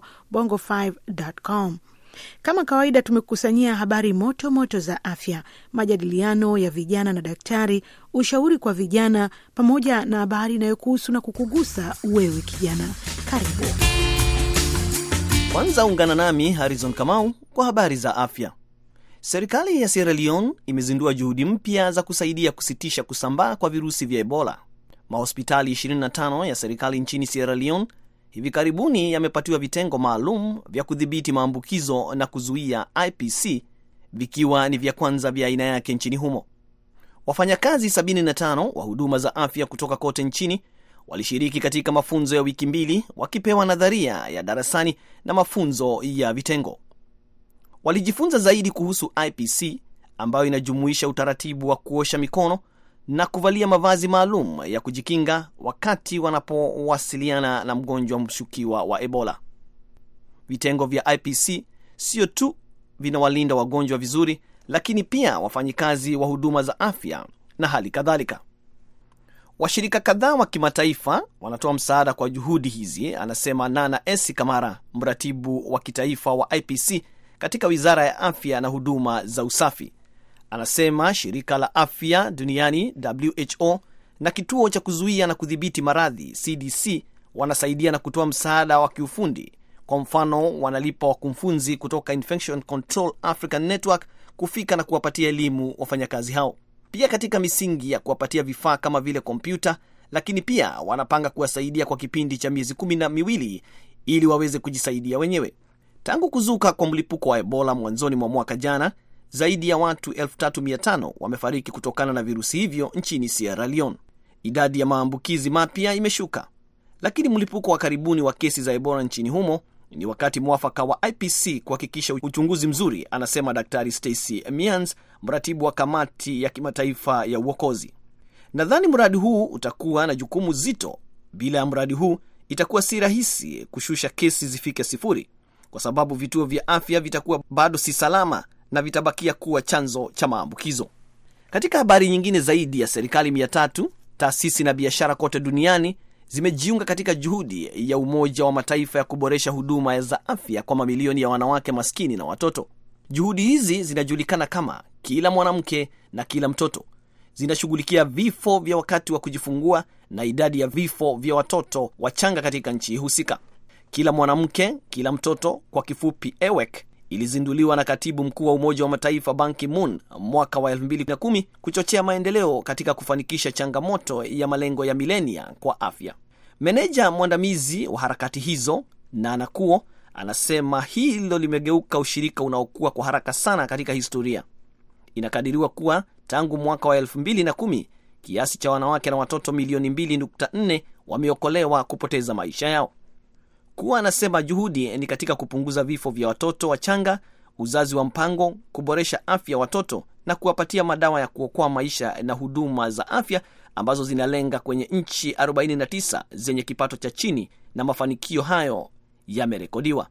yako bongo5.com. Kama kawaida tumekusanyia habari moto moto za afya, majadiliano ya vijana na daktari, ushauri kwa vijana, pamoja na habari inayokuhusu na kukugusa wewe kijana. Karibu. Kwanza ungana nami Harrison Kamau kwa habari za afya. Serikali ya Sierra Leone imezindua juhudi mpya za kusaidia kusitisha kusambaa kwa virusi vya Ebola. Mahospitali 25 ya serikali nchini Sierra Leone hivi karibuni yamepatiwa vitengo maalum vya kudhibiti maambukizo na kuzuia IPC vikiwa ni vya kwanza vya aina yake nchini humo. Wafanyakazi 75 wa huduma za afya kutoka kote nchini walishiriki katika mafunzo ya wiki mbili wakipewa nadharia ya darasani na mafunzo ya vitengo. Walijifunza zaidi kuhusu IPC ambayo inajumuisha utaratibu wa kuosha mikono na kuvalia mavazi maalum ya kujikinga wakati wanapowasiliana na mgonjwa mshukiwa wa Ebola. Vitengo vya IPC sio tu vinawalinda wagonjwa vizuri, lakini pia wafanyikazi wa huduma za afya na hali kadhalika. Washirika kadhaa wa kimataifa wanatoa msaada kwa juhudi hizi, anasema Nana Esi Kamara, mratibu wa kitaifa wa IPC katika wizara ya afya na huduma za usafi. Anasema shirika la afya duniani WHO na kituo cha kuzuia na kudhibiti maradhi CDC wanasaidia na kutoa msaada wa kiufundi. Kwa mfano, wanalipa wakumfunzi kutoka Infection Control African Network kufika na kuwapatia elimu wafanyakazi hao, pia katika misingi ya kuwapatia vifaa kama vile kompyuta, lakini pia wanapanga kuwasaidia kwa kipindi cha miezi kumi na miwili ili waweze kujisaidia wenyewe. Tangu kuzuka kwa mlipuko wa Ebola mwanzoni mwa mwaka jana, zaidi ya watu 35 wamefariki kutokana na virusi hivyo nchini Sierra Leone. Idadi ya maambukizi mapya imeshuka, lakini mlipuko wa karibuni wa kesi za Ebola nchini humo ni wakati mwafaka wa IPC kuhakikisha uchunguzi mzuri, anasema Daktari Stacy Mians, mratibu wa kamati ya kimataifa ya uokozi. Nadhani mradi huu utakuwa na jukumu zito. Bila ya mradi huu itakuwa si rahisi kushusha kesi zifike sifuri, kwa sababu vituo vya afya vitakuwa bado si salama na vitabakia kuwa chanzo cha maambukizo. Katika habari nyingine, zaidi ya serikali mia tatu, taasisi na biashara kote duniani zimejiunga katika juhudi ya Umoja wa Mataifa ya kuboresha huduma za afya kwa mamilioni ya wanawake maskini na watoto. Juhudi hizi zinajulikana kama kila mwanamke na kila mtoto, zinashughulikia vifo vya wakati wa kujifungua na idadi ya vifo vya watoto wachanga katika nchi husika. Kila mwanamke, kila mtoto, kwa kifupi EWEC, ilizinduliwa na katibu mkuu wa Umoja wa Mataifa Ban Ki-moon mwaka wa 2010 kuchochea maendeleo katika kufanikisha changamoto ya malengo ya milenia kwa afya. Meneja mwandamizi wa harakati hizo na Kuo anasema hilo limegeuka ushirika unaokuwa kwa haraka sana katika historia. Inakadiriwa kuwa tangu mwaka wa 2010 kiasi cha wanawake na watoto milioni 2.4 wameokolewa kupoteza maisha yao kuwa anasema juhudi ni katika kupunguza vifo vya watoto wachanga, uzazi wa mpango, kuboresha afya watoto na kuwapatia madawa ya kuokoa maisha na huduma za afya ambazo zinalenga kwenye nchi 49 zenye kipato cha chini, na mafanikio hayo yamerekodiwa.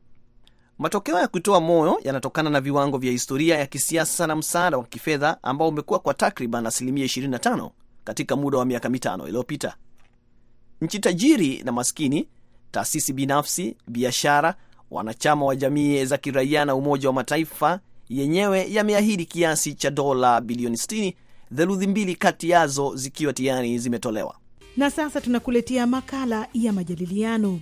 Matokeo ya kutoa moyo yanatokana na viwango vya historia ya kisiasa na msaada wa kifedha ambao umekuwa kwa takriban asilimia 25 katika muda wa miaka mitano iliyopita. Nchi tajiri na maskini taasisi binafsi, biashara, wanachama wa jamii za kiraia na Umoja wa Mataifa yenyewe yameahidi kiasi cha dola bilioni 60, theluthi mbili kati yazo zikiwa tayari zimetolewa. Na sasa tunakuletea makala ya majadiliano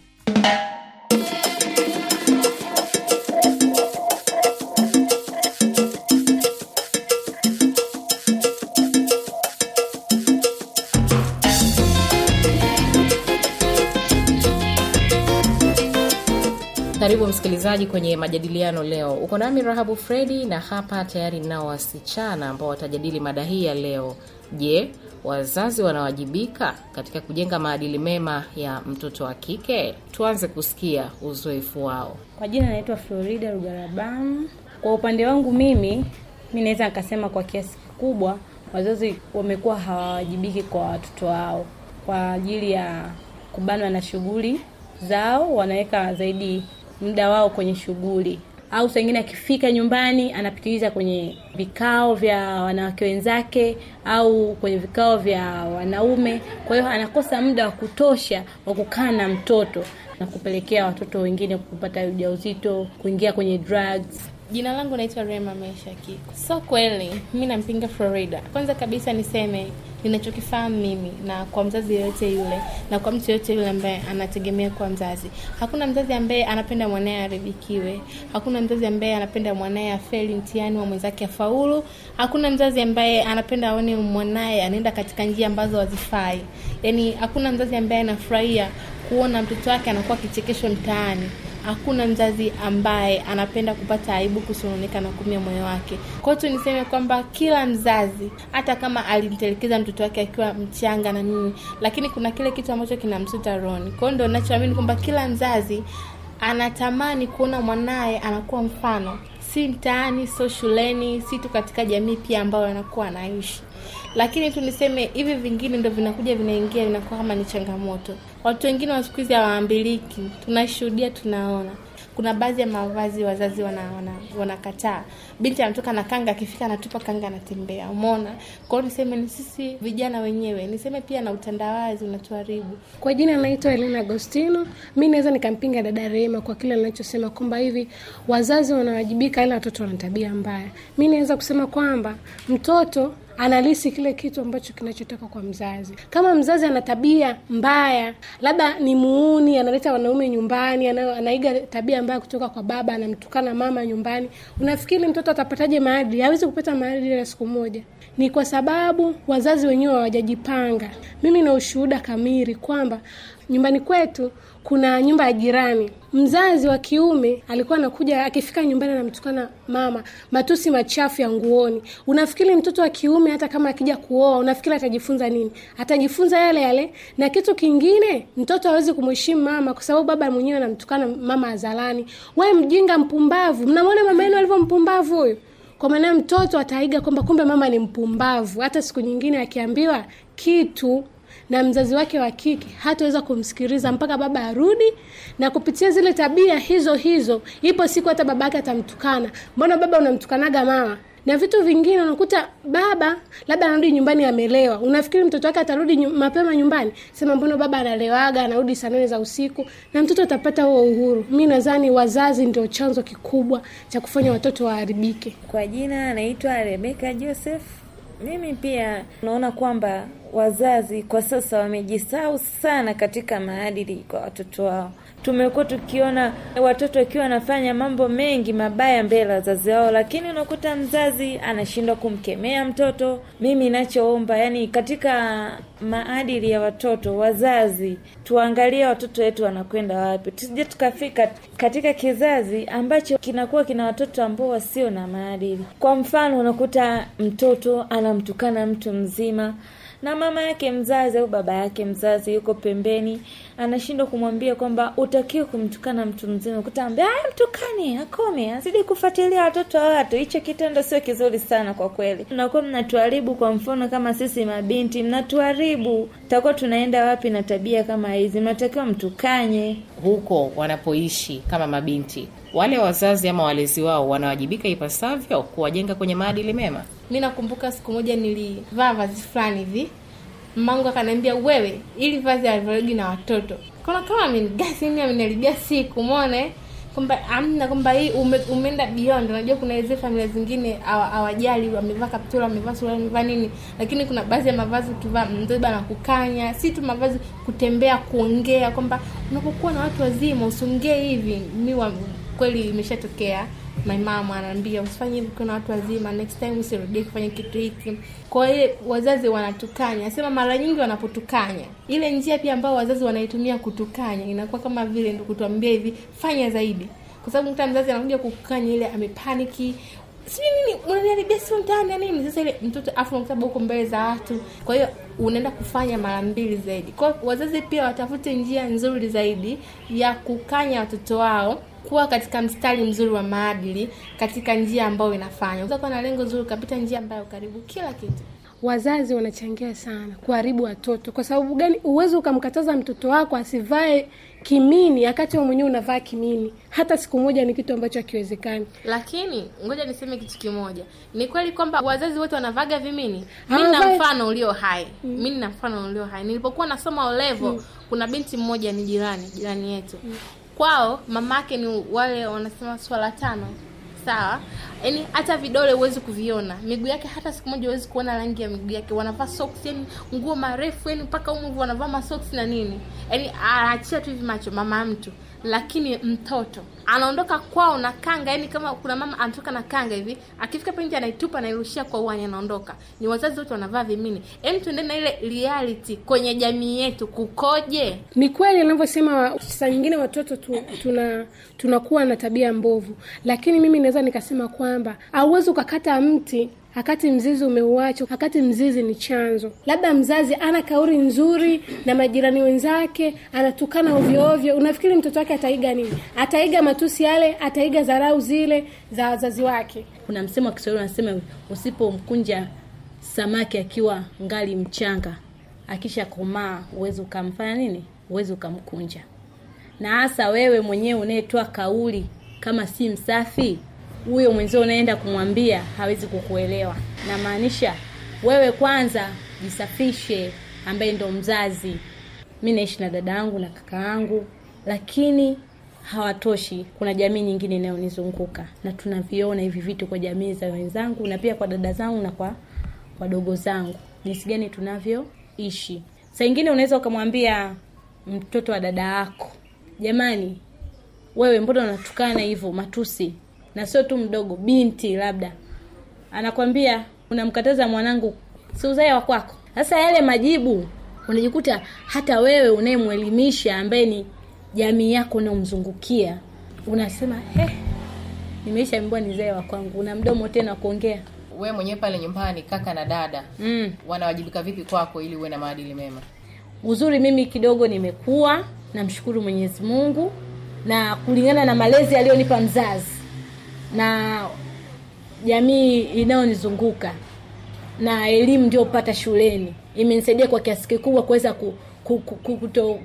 Karibu msikilizaji kwenye majadiliano leo. Uko nami Rahabu Fredi na hapa tayari nao wasichana ambao watajadili mada hii ya leo. Je, wazazi wanawajibika katika kujenga maadili mema ya mtoto wa kike? Tuanze kusikia uzoefu wao. Kwa jina naitwa Florida rugarabam Kwa upande wangu mimi, mi naweza nikasema kwa kiasi kikubwa wazazi wamekuwa hawawajibiki kwa watoto wao kwa ajili ya kubanwa na shughuli zao, wanaweka zaidi muda wao kwenye shughuli au saa ingine akifika nyumbani anapitiliza kwenye vikao vya wanawake wenzake au kwenye vikao vya wanaume. Kwa hiyo anakosa muda wa kutosha wa kukaa na mtoto na kupelekea watoto wengine kupata ujauzito, kuingia kwenye drugs. Jina langu naitwa Rema Mesha Kiko. So kweli mimi nampinga Florida. Kwanza kabisa niseme ninachokifahamu mimi na kwa mzazi yeyote yule na kwa mtu yeyote yule ambaye anategemea kwa mzazi, hakuna mzazi ambaye anapenda mwanaye aribikiwe. Hakuna mzazi ambaye anapenda mwanaye afeli mtihani wa mwenzake afaulu. Hakuna mzazi ambaye anapenda aone mwanaye anaenda katika njia ambazo hazifai. Yaani hakuna mzazi ambaye anafurahia kuona mtoto wake anakuwa kichekesho mtaani hakuna mzazi ambaye anapenda kupata aibu, kusononeka na kumia moyo wake. Kwa hiyo tuniseme kwamba kila mzazi, hata kama alimtelekeza mtoto wake akiwa mchanga na nini, lakini kuna kile kitu ambacho kinamsuta rohoni. Kwa hiyo ndio nachoamini kwamba kila mzazi anatamani kuona mwanaye anakuwa mfano, si mtaani, sio shuleni, si tu katika jamii pia ambayo anakuwa anaishi. Lakini tu niseme hivi, vingine ndo vinakuja vinaingia, vinakuwa kama ni changamoto. Watu wengine wa siku hizi hawaambiliki, tunashuhudia, tunaona. Kuna baadhi ya mavazi wazazi wanakataa, wana, binti anatoka na kanga, akifika anatupa kanga, anatembea. Umeona? kwao niseme ni sisi vijana wenyewe, niseme pia na utandawazi unatuharibu. Kwa jina naitwa Elena Agostino. Mi naweza nikampinga dada Rehema kwa kile anachosema kwamba hivi wazazi wanawajibika, ila watoto wana tabia mbaya. Mi naweza kusema kwamba mtoto analisi kile kitu ambacho kinachotoka kwa mzazi. Kama mzazi ana tabia mbaya, labda ni muuni, analeta wanaume nyumbani, anaiga tabia mbaya kutoka kwa baba, anamtukana mama nyumbani, unafikiri mtoto atapataje maadili? Hawezi kupata maadili ya siku moja. Ni kwa sababu wazazi wenyewe hawajajipanga. Mimi na ushuhuda kamili kwamba nyumbani kwetu kuna nyumba ya jirani, mzazi wa kiume alikuwa anakuja akifika nyumbani anamtukana mama, matusi machafu ya nguoni. Unafikiri mtoto wa kiume hata kama akija kuoa, unafikiri atajifunza nini? Atajifunza yale yale. Na kitu kingine, mtoto awezi kumheshimu mama kwa sababu baba mwenyewe anamtukana mama azalani, we mjinga, mpumbavu. Mnamwona mama yenu alivyo mpumbavu huyu? Kwa maana mtoto ataiga kwamba kumbe mama ni mpumbavu, hata siku nyingine akiambiwa kitu na mzazi wake wa kike hataweza kumsikiliza mpaka baba arudi, na kupitia zile tabia hizo hizo, ipo siku hata baba yake atamtukana. Mbona baba unamtukanaga mama? na vitu vingine unakuta baba labda anarudi nyumbani amelewa. Unafikiri mtoto wake atarudi nyum, mapema nyumbani? Sema mbona baba analewaga, anarudi saa nane za usiku, na mtoto atapata huo uhuru. Mi nadhani wazazi ndio chanzo kikubwa cha kufanya watoto waharibike. Kwa jina anaitwa Rebeka Joseph. Mimi pia naona kwamba wazazi kwa sasa wamejisahau sana katika maadili kwa watoto wao. Tumekuwa tukiona watoto wakiwa wanafanya mambo mengi mabaya mbele ya wazazi wao, lakini unakuta mzazi anashindwa kumkemea mtoto. Mimi nachoomba yani, katika maadili ya watoto, wazazi tuangalie watoto wetu wanakwenda wapi, tusije tukafika katika kizazi ambacho kinakuwa kina watoto ambao wasio na maadili. Kwa mfano, unakuta mtoto anamtukana mtu mzima na mama yake mzazi au baba yake mzazi yuko pembeni anashindwa kumwambia kwamba utakiwe kumtukana mtu mzima, kutaambia mtukane, akome, azidi kufuatilia watoto wa watu. Hicho kitendo sio kizuri sana kwa kweli. Mnakuwa mnatuharibu. Kwa mfano kama sisi mabinti, mnatuharibu, takuwa tunaenda wapi na tabia kama hizi? Mnatakiwa mtukanye huko wanapoishi kama mabinti wale wazazi ama walezi wao wanawajibika ipasavyo kuwajenga kwenye maadili mema. Mi nakumbuka siku moja nilivaa vazi fulani hivi mmangu akaniambia wewe, ili vazi alivyorudi na watoto kona kama amenigasi mimi, ameniharibia siku, umeona eh? kwamba amna kwamba hii ume, umeenda beyond. Unajua kuna hizo familia zingine hawajali, wamevaa kaptura, wamevaa suruali, wamevaa nini, lakini kuna baadhi ya mavazi ukivaa mdoba na kukanya, si tu mavazi, kutembea, kuongea, kwamba unapokuwa na watu wazima usongee hivi. Mi kweli imeshatokea my mama anaambia usifanye hivi, kuna watu wazima, next time usirudie kufanya kitu hiki. Kwa hiyo wazazi wanatukanya, nasema mara nyingi wanapotukanya, ile njia pia ambayo wazazi wanaitumia kutukanya inakuwa kama vile ndio kutuambia hivi, fanya zaidi, kwa sababu mtu mzazi anakuja kukukanya ile amepaniki sijui nini unaniharibia sio mtaani ya nini sasa ile mtoto afu unakutaba huko mbele za watu kwa hiyo unaenda kufanya mara mbili zaidi kwao wazazi pia watafute njia nzuri zaidi ya kukanya watoto wao kuwa katika mstari mzuri wa maadili katika njia ambayo inafanya. Unaweza kuwa na lengo zuri ukapita njia ambayo karibu kila kitu. Wazazi wanachangia sana kuharibu watoto. Kwa sababu gani? Huwezi ukamkataza mtoto wako asivae kimini wakati wewe mwenyewe unavaa kimini, hata siku moja. Ni kitu ambacho hakiwezekani. Lakini ngoja niseme kitu kimoja, ni kweli kwamba wazazi wote wanavaga vimini. Mimi na mfano ulio hai, mm. mimi na mfano ulio hai. Nilipokuwa nasoma olevo mm. kuna binti mmoja, ni jirani jirani yetu mm kwao mamake ni wale wanasema swala tano, sawa yani hata vidole huwezi kuviona, miguu yake hata siku moja huwezi kuona rangi ya miguu yake. Wanavaa socks, yani nguo marefu, yani mpaka huko wanavaa masoksi na nini, yani aachia tu hivi macho mama mtu lakini mtoto anaondoka kwao na kanga, yani kama kuna mama anatoka na kanga hivi, akifika penye anaitupa anairushia kwa uani, anaondoka. Ni wazazi wote wanavaa vimini. Hem, yaani, tuendeni na ile reality kwenye jamii yetu kukoje. Ni kweli anavyosema, saa nyingine watoto tu, tuna tunakuwa na tabia mbovu, lakini mimi naweza nikasema kwa kwamba hauwezi ukakata mti akati mzizi umeuacha, akati mzizi ni chanzo. Labda mzazi ana kauli nzuri na majirani wenzake anatukana ovyoovyo unafikiri mtoto wake ataiga nini? Ataiga matusi yale, ataiga dharau zile za wazazi wake. Kuna msemo wa Kiswahili unasema, usipomkunja samaki akiwa ngali mchanga, akisha komaa uwezi ukamfanya nini, Uwezi ukamkunja. Na hasa wewe mwenyewe unayetoa kauli kama si msafi huyo mwenzio unaenda kumwambia hawezi kukuelewa. Namaanisha wewe kwanza jisafishe, ambaye ndo mzazi. Mi naishi na dada yangu na kaka yangu, lakini hawatoshi. Kuna jamii nyingine inayonizunguka na tunaviona hivi vitu kwa jamii za wenzangu na pia kwa dada zangu na kwa wadogo zangu, jinsi gani tunavyoishi. Saa ingine unaweza ukamwambia mtoto wa dada yako, jamani, wewe mbona unatukana hivyo matusi na sio tu mdogo, binti labda anakwambia unamkataza mwanangu, si uzae wa kwako. Sasa yale majibu unajikuta hata wewe unayemwelimisha ambaye ni jamii yako unaomzungukia unasema hey, ni zae wa kwangu. Una mdomo tena kuongea wewe mwenyewe pale nyumbani, kaka na dada mm. wanawajibika vipi kwako ili uwe na maadili mema? Uzuri mimi kidogo nimekuwa, namshukuru Mwenyezi Mungu na kulingana na malezi aliyonipa mzazi na jamii inayonizunguka na elimu niliyopata shuleni imenisaidia kwa kiasi kikubwa kuweza ku, ku, ku,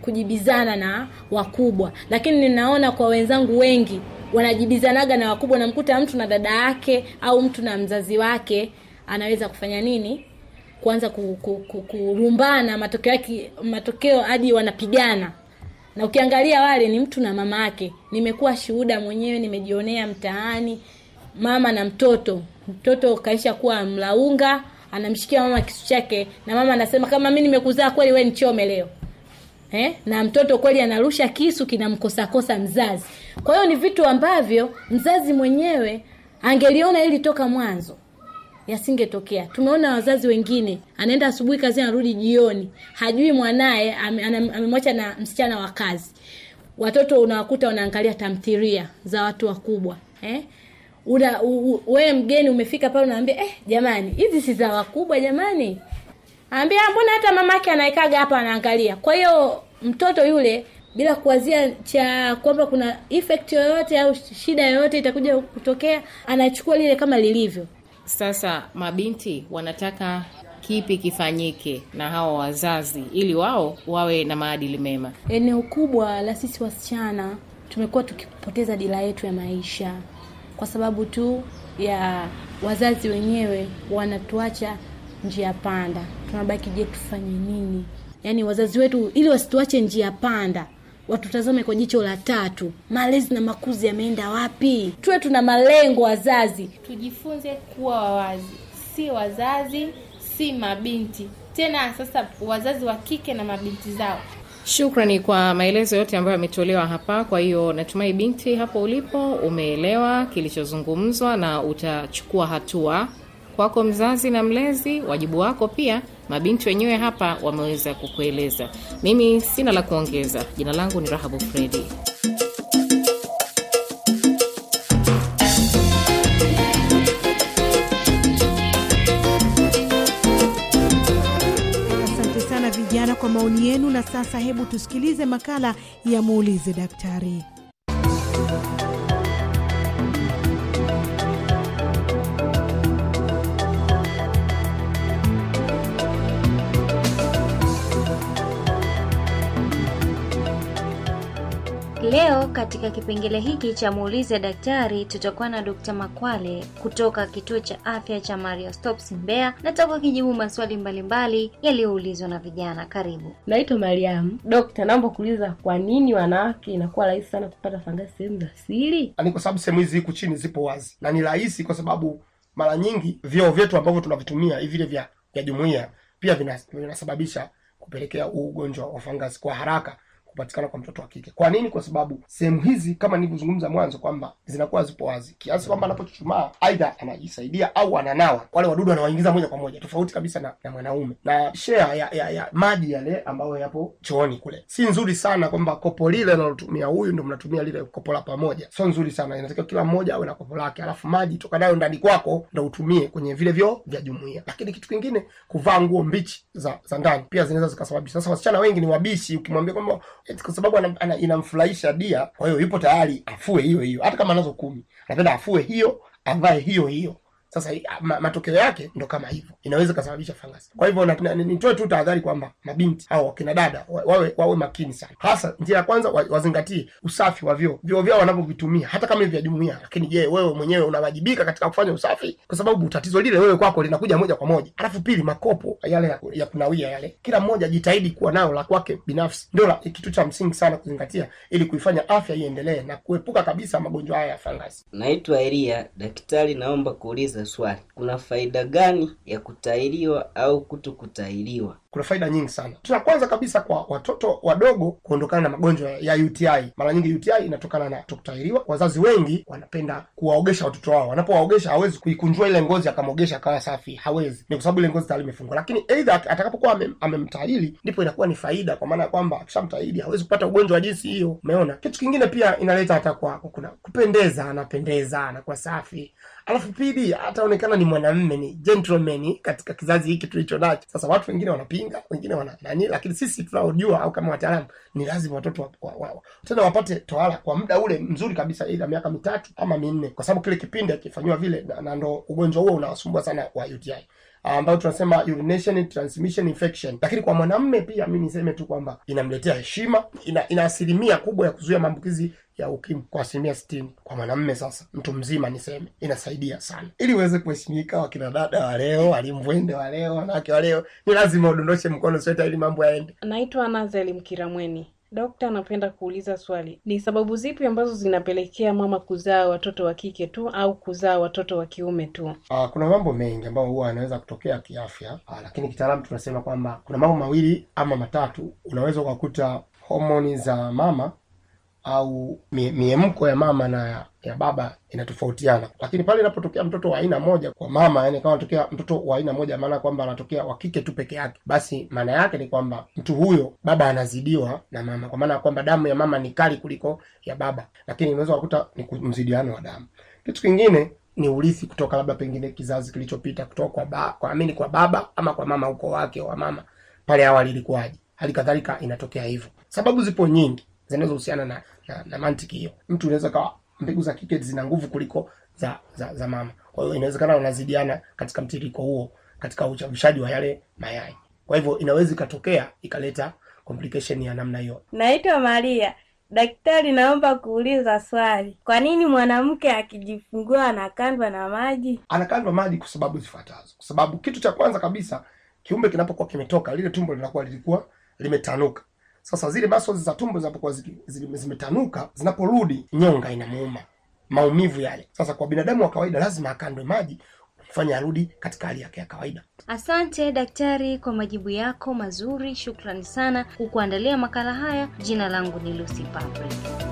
kujibizana na wakubwa, lakini ninaona kwa wenzangu wengi wanajibizanaga na wakubwa. Namkuta mtu na dada yake au mtu na mzazi wake, anaweza kufanya nini? Kuanza kurumbana, matokeo yake matokeo hadi wanapigana na ukiangalia wale ni mtu na mama yake. Nimekuwa shuhuda mwenyewe, nimejionea mtaani, mama na mtoto. Mtoto kaisha kuwa mlaunga, anamshikia mama kisu chake, na mama anasema kama mimi nimekuzaa kweli, wewe nichome leo eh? Na mtoto kweli anarusha kisu, kinamkosakosa mzazi. Kwa hiyo ni vitu ambavyo mzazi mwenyewe angeliona ili toka mwanzo yasingetokea. Tumeona wazazi wengine, anaenda asubuhi kazi, anarudi jioni, hajui mwanaye amemwacha na msichana wa kazi. Watoto unawakuta wanaangalia tamthilia za watu wakubwa eh? Una wewe mgeni umefika pale, unaambia eh, jamani hizi si za wakubwa jamani, ambia ah, mbona hata mamake anaekaga hapa anaangalia. Kwa hiyo mtoto yule bila kuwazia cha kwamba kuna effect yoyote au shida yoyote itakuja kutokea, anachukua lile kama lilivyo. Sasa mabinti wanataka kipi kifanyike na hao wazazi ili wao wawe na maadili mema? Eneo kubwa la sisi wasichana tumekuwa tukipoteza dira yetu ya maisha kwa sababu tu ya wazazi wenyewe wanatuacha njia panda, tunabaki je, tufanye nini? Yaani wazazi wetu ili wasituache njia panda watutazame kwa jicho la tatu. Malezi na makuzi yameenda wapi? Tuwe tuna malengo wazazi, tujifunze kuwa wawazi, si wazazi si mabinti tena. Sasa wazazi wa kike na mabinti zao. Shukrani kwa maelezo yote ambayo yametolewa hapa. Kwa hiyo natumai binti, hapo ulipo umeelewa kilichozungumzwa na utachukua hatua. Kwako mzazi na mlezi, wajibu wako pia Mabinti wenyewe hapa wameweza kukueleza. Mimi sina la kuongeza. Jina langu ni Rahabu Fredi. Vijana kwa maoni yenu. Na sasa hebu tusikilize makala ya muulize daktari. Leo katika kipengele hiki cha muulize daktari tutakuwa na Dr. Makwale kutoka kituo cha afya cha Maria stops Mbeya na tutakuwa kijibu maswali mbalimbali yaliyoulizwa na vijana. Karibu. Naitwa mariam Dokta, naomba kuuliza kwa nini wanawake inakuwa rahisi sana kupata fangasi sehemu za siri? Ni yaani kwa sababu sehemu hizi huku chini zipo wazi na ni rahisi, kwa sababu mara nyingi vyoo vyetu ambavyo tunavitumia hivi vile vya jumuiya pia vinasababisha kupelekea huu ugonjwa wa fangasi kwa haraka kupatikana kwa mtoto wa kike. Kwa nini? Kwa sababu sehemu hizi kama nilivyozungumza mwanzo kwamba zinakuwa zipo wazi kiasi kwamba anapochuchumaa aidha anajisaidia au ananawa, wale wadudu anawaingiza moja kwa moja, tofauti kabisa na, na mwanaume. Na shea ya, ya, ya maji yale ambayo yapo chooni kule si nzuri sana, kwamba kopo lile analotumia huyu ndo mnatumia lile kopo la pamoja, sio nzuri sana. Inatakiwa kila mmoja awe na kopo lake, alafu maji toka nayo ndani kwako ndo utumie kwenye vile vyoo vya jumuia Lakini kitu kingine, kuvaa nguo mbichi za, za ndani pia zinaweza zikasababisha. Sasa wasichana wengi ni wabishi, ukimwambia kwamba kwa sababu inamfurahisha Dia, kwa hiyo yupo tayari afue hiyo hiyo, hata kama anazo kumi, anapenda afue hiyo, avae hiyo hiyo. Sasa ma, matokeo yake ndo kama hivyo, inaweza ikasababisha fangasi. Kwa hivyo nitoe tu tahadhari kwamba mabinti au wakina dada wawe, wawe makini sana, hasa njia ya kwanza wazingatie usafi wa vyoo vyoo vyao wanavyovitumia, hata kama vya jumuia Lakini je, wewe mwenyewe unawajibika katika kufanya usafi? Kwa sababu tatizo lile wewe kwako linakuja moja kwa moja. Alafu pili, makopo yale ya, ya kunawia yale, kila mmoja jitahidi kuwa nayo la kwake binafsi, ndo kitu cha msingi sana kuzingatia ili kuifanya afya iendelee na kuepuka kabisa magonjwa haya ya fangasi. Naitwa Elia, daktari, naomba kuuliza Swali: kuna faida gani ya kutahiriwa au kutokutahiriwa? kuna faida nyingi sana. Cha kwanza kabisa kwa watoto wadogo kuondokana na magonjwa ya UTI. Mara nyingi UTI inatokana na kutokutahiriwa. Wazazi wengi wanapenda kuwaogesha watoto wao, wanapowaogesha hawezi kuikunjua ile ngozi akamwogesha akawa safi, hawezi, ni kwa sababu ile ngozi tayari imefungwa. Lakini eidha atakapokuwa amemtahili ame ndipo inakuwa ni faida, kwa maana ya kwamba akishamtahili hawezi kupata ugonjwa wa jinsi hiyo. Umeona? Kitu kingine pia inaleta hata kwa kuna kupendeza, anapendeza, anakuwa safi alafu pili ataonekana ni mwanamme, ni gentleman katika kizazi hiki tulicho nacho sasa. Watu wengine wanapinga wanapinga, wengine wana nani, lakini sisi tunaojua au kama wataalamu ni lazima watoto wa, wa, wa, tena wapate tohara kwa muda ule mzuri kabisa, ila miaka mitatu ama minne, kwa sababu kile kipindi akifanyiwa vile na, na ndo ugonjwa huo unawasumbua sana wa UTI ambayo tunasema urination transmission infection. Lakini kwa mwanamme pia mimi niseme tu kwamba inamletea heshima, ina, ina asilimia kubwa ya kuzuia maambukizi ya ukimwi kwa asilimia sitini kwa mwanamme. Sasa mtu mzima niseme inasaidia sana, ili uweze kuheshimika. Wakina dada wa leo, walimvwende wa leo, wanawake wa leo, ni lazima udondoshe mkono sweta ili mambo yaende. Naitwa Nazeli Mkiramweni. Dokta anapenda kuuliza swali, ni sababu zipi ambazo zinapelekea mama kuzaa watoto wa kike tu au kuzaa watoto wa kiume tu? Aa, ah, kuna mambo mengi ambayo huwa yanaweza kutokea kiafya. Aa, ah, lakini kitaalamu tunasema kwamba kuna mambo mawili ama matatu unaweza ukakuta homoni za mama au miemko ya mama na ya baba inatofautiana, lakini pale inapotokea mtoto wa aina moja kwa mama, yani kama anatokea mtoto wa aina moja, maana kwamba anatokea wa kike tu peke yake, basi maana yake ni kwamba mtu huyo baba anazidiwa na mama, kwa maana ya kwamba damu ya mama ni kali kuliko ya baba, lakini unaweza kukuta ni mzidiano wa damu. Kitu kingine ni urithi kutoka labda pengine kizazi kilichopita, kutoka kwa ba, kwa amini kwa baba ama kwa mama, ukoo wake wa mama pale awali ilikuwaje. Hali kadhalika inatokea hivyo, sababu zipo nyingi zinazohusiana na, na, na mantiki hiyo. Mtu unaweza kawa mbegu za kike zina nguvu kuliko za za, za mama, kwa hiyo inawezekana unazidiana katika mtiririko huo katika uchavishaji wa yale mayai. Kwa hivyo inaweza ikatokea ikaleta complication ya namna hiyo. Naitwa Maria. Daktari, naomba kuuliza swali. Kwa nini mwanamke akijifungua anakandwa na maji? Anakandwa maji kwa sababu zifuatazo. Kwa sababu kitu cha kwanza kabisa, kiumbe kinapokuwa kimetoka, lile tumbo linakuwa lilikuwa limetanuka. Sasa zile baso za tumbo zinapokuwa zimetanuka, zinaporudi nyonga inamuuma, maumivu yale. Sasa kwa binadamu wa kawaida lazima akandwe maji kufanya arudi katika hali yake ya kawaida. Asante daktari kwa majibu yako mazuri, shukrani sana kukuandalia makala haya. Jina langu ni Lucy Patrick.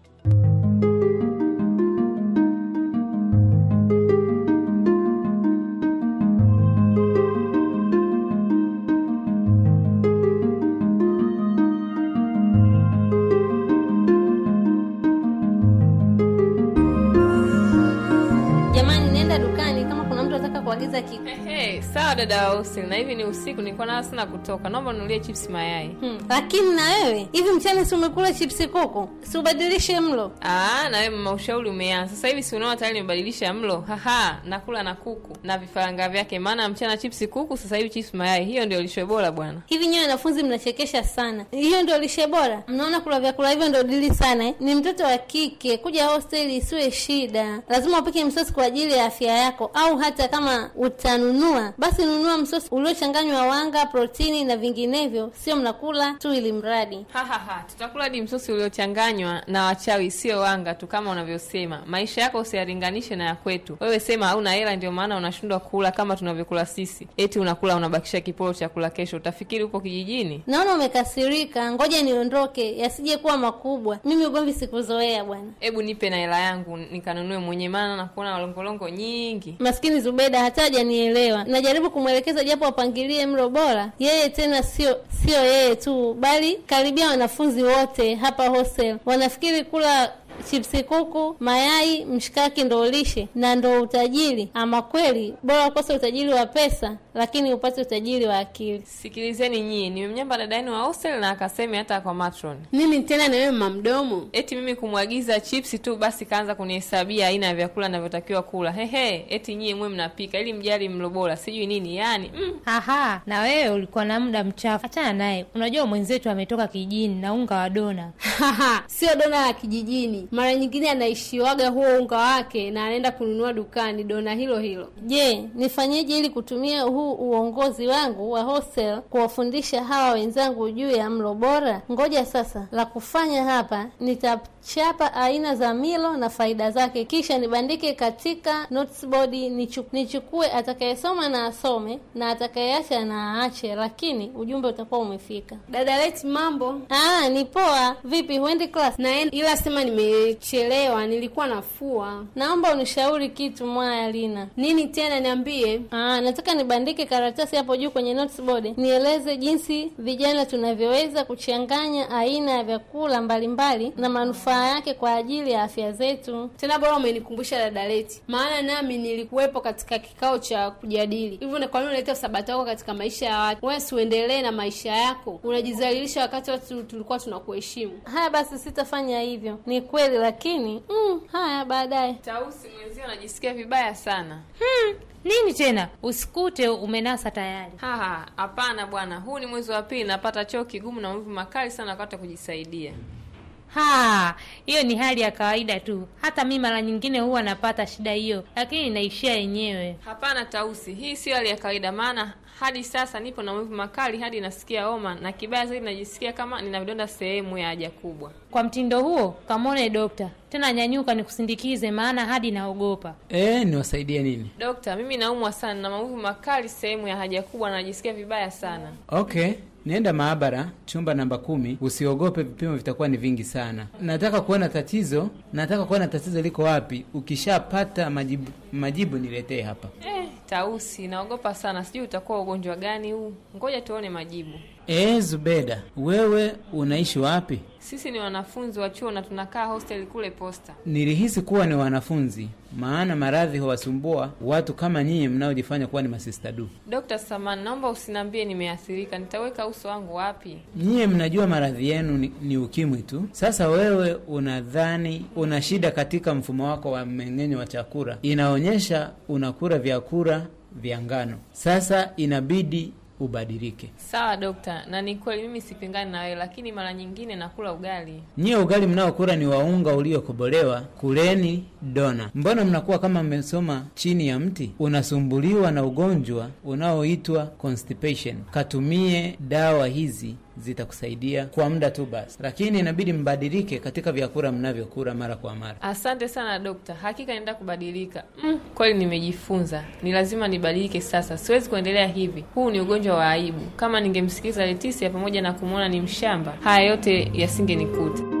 sawa dada Austin, na hivi ni usiku, nilikuwa na sina kutoka, naomba nulie chips mayai. Hmm. Lakini na wewe hivi mchana si umekula chips koko, si ubadilishe mlo? Ah, na wewe mama, ushauri umeanza sasa hivi, si unaona tayari nimebadilisha mlo. Haha, nakula na kuku na vifaranga vyake, maana mchana chips kuku, sasa hivi chips mayai. Hiyo ndio lishe bora bwana. Hivi nyewe wanafunzi mnachekesha sana, hiyo ndio lishe bora? Mnaona kula vyakula hivyo ndio dili sana eh? Ni mtoto wa kike kuja hosteli isiwe shida, lazima upike msosi kwa ajili ya afya yako, au hata kama utanunua basi basi nunua msosi uliochanganywa wanga, protini na vinginevyo, sio mnakula tu ili mradi. Ha, ha, ha. Tutakula ni msosi uliochanganywa na wachawi, sio wanga tu kama unavyosema. Maisha yako usiyalinganishe na ya kwetu. Wewe sema hauna hela, ndio maana unashindwa kula kama tunavyokula sisi. Eti unakula unabakisha kiporo cha kula kesho, utafikiri upo kijijini. Naona umekasirika, ngoja niondoke, yasije kuwa makubwa. Mimi ugomvi sikuzoea bwana. Hebu nipe na hela yangu nikanunue mwenye, maana nakuona walongolongo nyingi. Maskini Zubeda hata hajanielewa, najaribu kumwelekeza japo wapangilie mlo bora, yeye tena sio sio yeye tu, bali karibia wanafunzi wote hapa hostel wanafikiri kula chipsi kuku, mayai, mshikaki ndo lishe na ndo utajiri. Ama kweli, bora ukose utajiri wa pesa, lakini upate utajiri wa akili. Sikilizeni nyie, nimemnyamba dada yenu wa hostel na akasemi hata kwa matron. Mimi tena na wewe mamdomo, eti mimi kumwagiza chipsi tu basi kaanza kunihesabia aina ya vyakula navyotakiwa kula. Hehe, eti nyie mwe mnapika ili mjali mlobola sijui nini yani. Mm. Aha, na wewe ulikuwa na muda mchafu, achana naye. Unajua mwenzetu ametoka kijijini na unga wa dona sio dona la kijijini mara nyingine anaishiwaga huo unga wake na anaenda kununua dukani dona hilo hilo. Je, nifanyeje ili kutumia huu uongozi wangu wa hostel kuwafundisha hawa wenzangu juu ya mlo bora? Ngoja sasa, la kufanya hapa nitachapa aina za milo na faida zake, kisha nibandike katika noteboard, nichukue atakayesoma na asome na atakayeacha na aache, lakini ujumbe utakuwa umefika. Dada Leti, mambo? Ah, ni poa. Vipi, huendi class? Naenda ila sema nime nimechelewa, nilikuwa nafua. Naomba unishauri kitu mwaya Lina. Nini tena? Niambie. Aa, ah, nataka nibandike karatasi hapo juu kwenye notes nieleze jinsi vijana tunavyoweza kuchanganya aina ya vyakula mbalimbali na manufaa yake kwa ajili ya afya zetu. Tena bora umenikumbusha dada Leti, maana nami nilikuwepo katika kikao cha kujadili hivyo. Kwa nini unaleta usabata wako katika maisha ya watu? Wewe siuendelee na maisha yako, unajizalilisha wakati watu tulikuwa tunakuheshimu. Haya basi, sitafanya hivyo. Ni kweli kweli, lakini mm, haya baadaye. Tausi mwenzio anajisikia vibaya sana. Hmm, nini tena? Usikute umenasa tayari. Hapana bwana, huu ni mwezi wa pili, napata choo kigumu na maumivu makali sana wakati wa kujisaidia. Ha, hiyo ni hali ya kawaida tu. Hata mi mara nyingine huwa napata shida hiyo, lakini inaishia yenyewe. Hapana Tausi, hii sio hali ya kawaida, maana hadi sasa nipo na maumivu makali hadi nasikia homa, na kibaya zaidi najisikia kama nina vidonda sehemu ya haja kubwa. Kwa mtindo huo, kamwone dokta tena. Nyanyuka nikusindikize, maana hadi naogopa. Eh, niwasaidie nini? Dokta, mimi naumwa sana na maumivu makali sehemu ya haja kubwa na najisikia vibaya sana. Okay, Nenda maabara chumba namba kumi, usiogope, vipimo vitakuwa ni vingi sana. Nataka kuona tatizo, nataka kuona tatizo liko wapi. Ukishapata majibu, majibu niletee hapa eh. Tausi, naogopa sana, sijui utakuwa ugonjwa gani huu. Ngoja tuone majibu. Eh, Zubeda, wewe unaishi wapi? Sisi ni wanafunzi wa chuo na tunakaa hosteli kule Posta. Nilihisi kuwa ni wanafunzi, maana maradhi huwasumbua watu kama nyinyi mnaojifanya kuwa ni masista du. Dr. Saman, naomba usiniambie nimeathirika, nitaweka uso wangu wapi? Nyinyi mnajua maradhi yenu ni, ni ukimwi tu. Sasa wewe unadhani una shida katika mfumo wako wa mmeng'enyo wa chakula, inaonyesha unakula vyakula vya ngano. Sasa inabidi ubadilike. Sawa dokta, na ni kweli mimi sipingani na wewe, lakini mara nyingine nakula ugali. Nyie ugali mnaokula ni waunga uliokobolewa, kuleni dona. Mbona mnakuwa kama mmesoma chini ya mti? Unasumbuliwa na ugonjwa unaoitwa constipation. Katumie dawa hizi zitakusaidia kwa muda tu basi, lakini inabidi mbadilike katika vyakula mnavyokula mara kwa mara. Asante sana dokta, hakika naenda kubadilika. Mm, kweli nimejifunza, ni lazima nibadilike sasa, siwezi kuendelea hivi. Huu ni ugonjwa wa aibu. Kama ningemsikiliza Letisia pamoja na kumwona ni mshamba, haya yote yasingenikuta.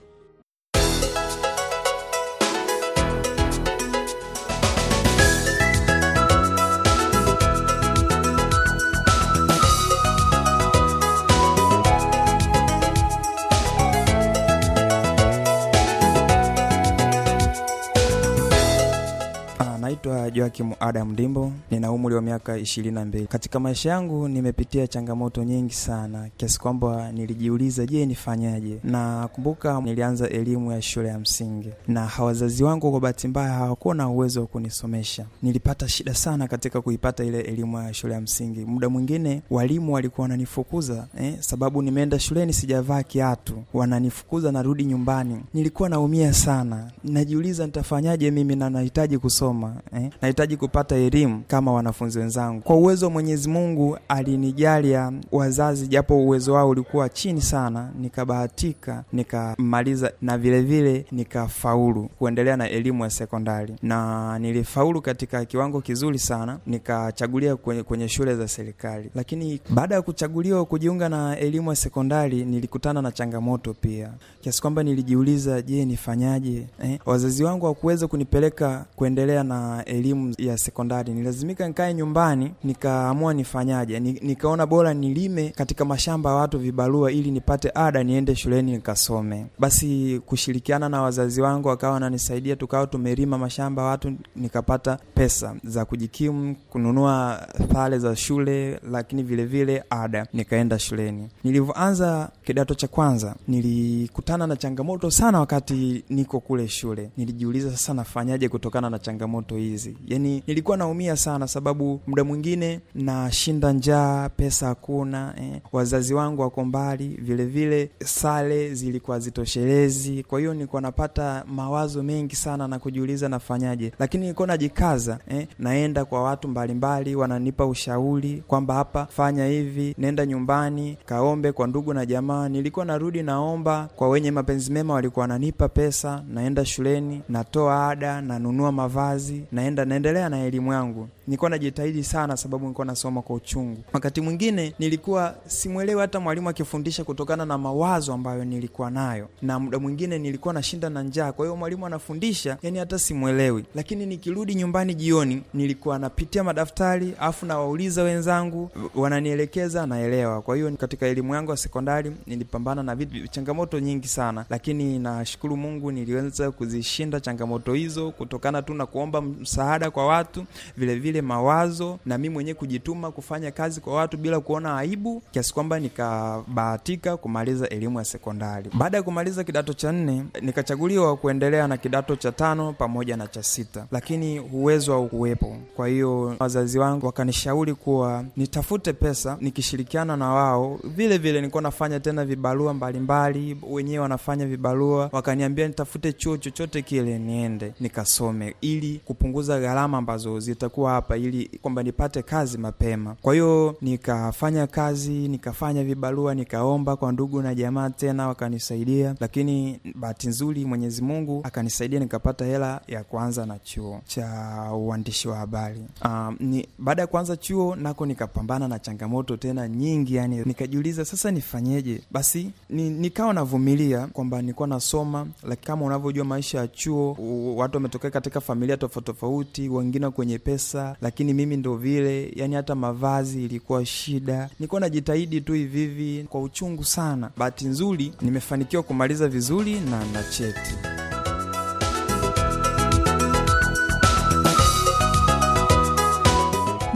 Joakim Adam Dimbo, nina umri wa miaka ishirini na mbili. Katika maisha yangu nimepitia changamoto nyingi sana kiasi kwamba nilijiuliza, je, nifanyaje? Na kumbuka nilianza elimu ya shule ya msingi na wazazi wangu kwa bahati mbaya hawakuwa na uwezo wa kunisomesha. Nilipata shida sana katika kuipata ile elimu ya shule ya msingi. Muda mwingine walimu walikuwa wananifukuza eh, sababu nimeenda shuleni sijavaa kiatu, wananifukuza narudi nyumbani. Nilikuwa naumia sana, najiuliza nitafanyaje mimi na nahitaji kusoma eh. na wanahitaji kupata elimu kama wanafunzi wenzangu. Kwa uwezo wa Mwenyezi Mungu alinijalia wazazi, japo uwezo wao ulikuwa chini sana, nikabahatika nikamaliza na vilevile nikafaulu kuendelea na elimu ya sekondari, na nilifaulu katika kiwango kizuri sana, nikachagulia kwenye, kwenye shule za serikali. Lakini baada ya kuchaguliwa kujiunga na elimu ya sekondari, nilikutana na changamoto pia kiasi kwamba nilijiuliza, je, nifanyaje? Eh, wazazi wangu hawakuweza kunipeleka kuendelea na elimu ya sekondari, nilazimika nikae nyumbani, nikaamua nifanyaje, nikaona bora nilime katika mashamba ya watu vibarua, ili nipate ada niende shuleni nikasome. Basi kushirikiana na wazazi wangu wakawa wananisaidia, tukawa tumerima mashamba watu, nikapata pesa za kujikimu, kununua thale za shule, lakini vilevile vile ada, nikaenda shuleni. Nilivyoanza kidato cha kwanza, nilikutana na changamoto sana wakati niko kule shule. Nilijiuliza sasa nafanyaje kutokana na changamoto hizi yani nilikuwa naumia sana, sababu muda mwingine nashinda njaa, pesa hakuna eh. Wazazi wangu wako mbali, vilevile sale zilikuwa zitoshelezi, kwa hiyo nilikuwa napata mawazo mengi sana na kujiuliza nafanyaje, lakini nilikuwa najikaza eh. Naenda kwa watu mbalimbali mbali, wananipa ushauri kwamba hapa fanya hivi, nenda nyumbani kaombe kwa ndugu na jamaa. Nilikuwa narudi naomba kwa wenye mapenzi mema, walikuwa wananipa pesa, naenda shuleni natoa ada, nanunua mavazi, naenda naenda kuendelea na elimu yangu nilikuwa najitahidi sana, sababu nilikuwa nasoma kwa uchungu. Wakati mwingine nilikuwa simwelewi hata mwalimu akifundisha, kutokana na mawazo ambayo nilikuwa nayo, na muda mwingine nilikuwa nashinda na njaa. Kwa hiyo mwalimu anafundisha, yani hata simwelewi. Lakini nikirudi nyumbani jioni, nilikuwa napitia madaftari afu nawauliza wenzangu, wananielekeza, naelewa. Kwa hiyo katika elimu yangu ya sekondari nilipambana na vitu, changamoto nyingi sana, lakini nashukuru Mungu niliweza kuzishinda changamoto hizo kutokana tu na kuomba msaada kwa watu, vilevile vile mawazo na mi mwenyewe kujituma kufanya kazi kwa watu bila kuona aibu, kiasi kwamba nikabahatika kumaliza elimu ya sekondari. Baada ya kumaliza kidato cha nne, nikachaguliwa kuendelea na kidato cha tano pamoja na cha sita, lakini uwezo haukuwepo. Kwa hiyo wazazi wangu wakanishauri kuwa nitafute pesa nikishirikiana na wao. Vile vile nilikuwa nafanya tena vibarua mbalimbali, wenyewe wanafanya vibarua, wakaniambia nitafute chuo chochote kile niende nikasome ili kupunguza gharama gharama ambazo zitakuwa hapa, ili kwamba nipate kazi mapema. Kwa hiyo nikafanya kazi, nikafanya vibarua, nikaomba kwa ndugu na jamaa, tena wakanisaidia, lakini bahati nzuri Mwenyezi Mungu akanisaidia nikapata hela ya kuanza na chuo cha uandishi wa habari. Um, ni baada ya kuanza chuo nako nikapambana na changamoto tena nyingi, yani nikajiuliza sasa nifanyeje? Basi ni, nikawa navumilia kwamba nilikuwa nasoma, lakini kama unavyojua maisha ya chuo, watu wametokea katika familia tofauti tofauti wengine kwenye pesa, lakini mimi ndo vile, yani hata mavazi ilikuwa shida. Nilikuwa najitahidi tu hivivi kwa uchungu sana. Bahati nzuri nimefanikiwa kumaliza vizuri na na cheti.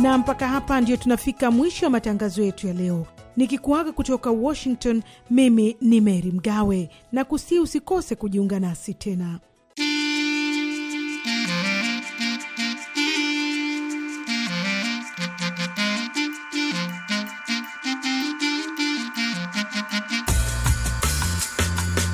na mpaka hapa ndiyo tunafika mwisho wa matangazo yetu ya leo, nikikuaga kutoka Washington. Mimi ni mery Mgawe na kusii, usikose kujiunga nasi tena.